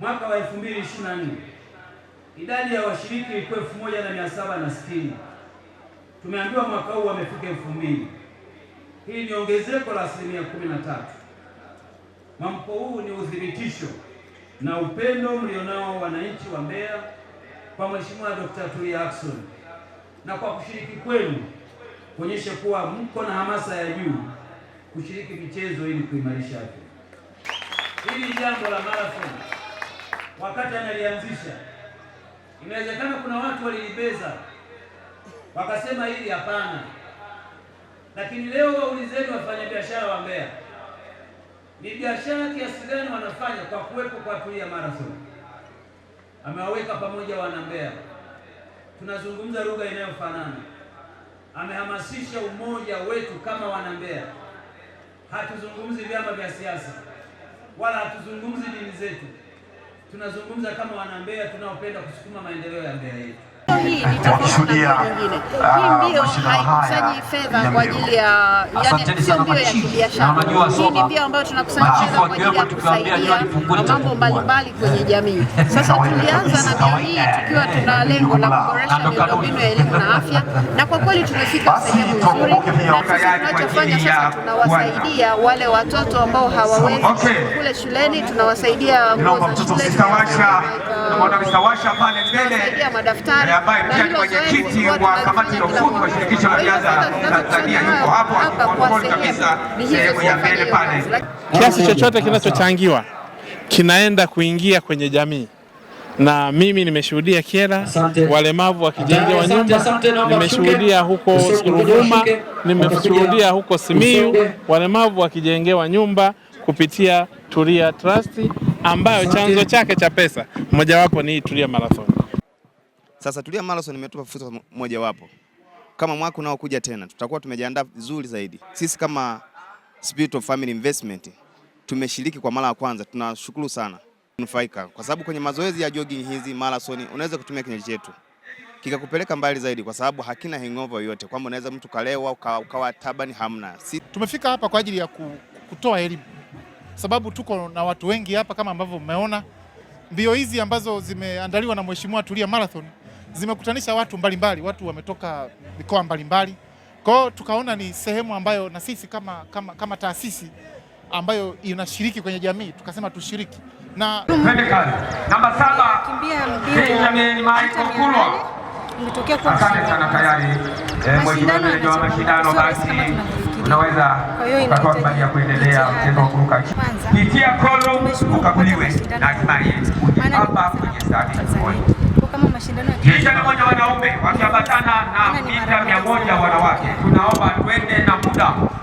mwaka wa 2024 idadi ya washiriki ilikuwa 1760. Tumeambiwa mwaka huu wamefika 2000. Hii ni ongezeko la asilimia 13. Mwamko huu ni uthibitisho na upendo mlionao wananchi wa Mbeya kwa Mheshimiwa Dr. Tulia Ackson na kwa kushiriki kwenu kuonyesha kuwa mko na hamasa ya juu kushiriki michezo ili kuimarisha afya. Hili jambo la marathon wakati analianzisha. Inawezekana kuna watu walilibeza wakasema hili hapana, lakini leo waulizeni wafanyabiashara wa Mbeya ni biashara kiasi gani wanafanya kwa kuwepo kwa Tulia Marathon. Amewaweka pamoja wana Mbeya, tunazungumza lugha inayofanana. Amehamasisha umoja wetu kama wana Mbeya. Hatuzungumzi vyama vya siasa wala hatuzungumzi dini zetu tunazungumza kama wana Mbeya tunaopenda kusukuma maendeleo ya Mbeya yetu wakishuhudia ah, mashindano haya fedha kwa ajili ya mbio Unajua soka ndio ah, mambo mbalimbali kwenye jamii. Sasa na jamii eh, tukiwa tuna eh, lengo la kuboresha miundombinu ya elimu na afya, na kwa kweli tumefika sehemu tunawasaidia wale watoto ambao hawawezi kule shuleni, tunawasaidia nguo ambaye pia ni mwenyekiti wa kamati ya ufundi wa shirikisho la riadha Tanzania, yuko hapo akipongeza kabisa sehemu ya mbele pale. Kiasi chochote kinachochangiwa kinaenda kuingia kwenye jamii na mimi nimeshuhudia Kyela walemavu wakijengewa nyumba, nimeshuhudia huko Ruvuma, nimeshuhudia huko Simiyu walemavu wakijengewa nyumba kupitia Tulia Trust ambayo chanzo chake cha pesa mojawapo ni hii Tulia Marathon. Sasa Tulia Marathon imetupa fursa moja wapo. kama mwaka unaokuja tena tutakuwa tumejiandaa vizuri zaidi. Sisi kama Spirit of Family Investment tumeshiriki kwa mara ya kwanza, tunashukuru sana nufaika, kwa sababu kwenye mazoezi ya jogging hizi marathon unaweza kutumia kinywaji chetu kikakupeleka mbali zaidi, kwa sababu hakina hangover yoyote, kwamba unaweza mtu kalewa ukawa tabani, hamna. Si tumefika hapa kwa ajili ya kutoa elimu, sababu tuko na watu wengi hapa kama ambavyo mmeona mbio hizi ambazo zimeandaliwa na Mheshimiwa Tulia Marathon zimekutanisha watu mbalimbali mbali, watu wametoka mikoa mbalimbali. Kwa hiyo tukaona ni sehemu ambayo na sisi kama, kama, kama taasisi ambayo inashiriki kwenye jamii tukasema tushiriki na Namba saba Benjamin Michael Kulwa kwa asante sana tayari. Eh, Mheshimiwa meneja mashindano, basi unaweza ukatoa kibali ya kuendelea mchezo wa kuruka pitia kolo ukaguliwe na hatimaye hapa kwenye stadi kama mashindano ya dirisha la moja wanaume wakiambatana na mita mia moja wanawake. Tunaomba twende na muda.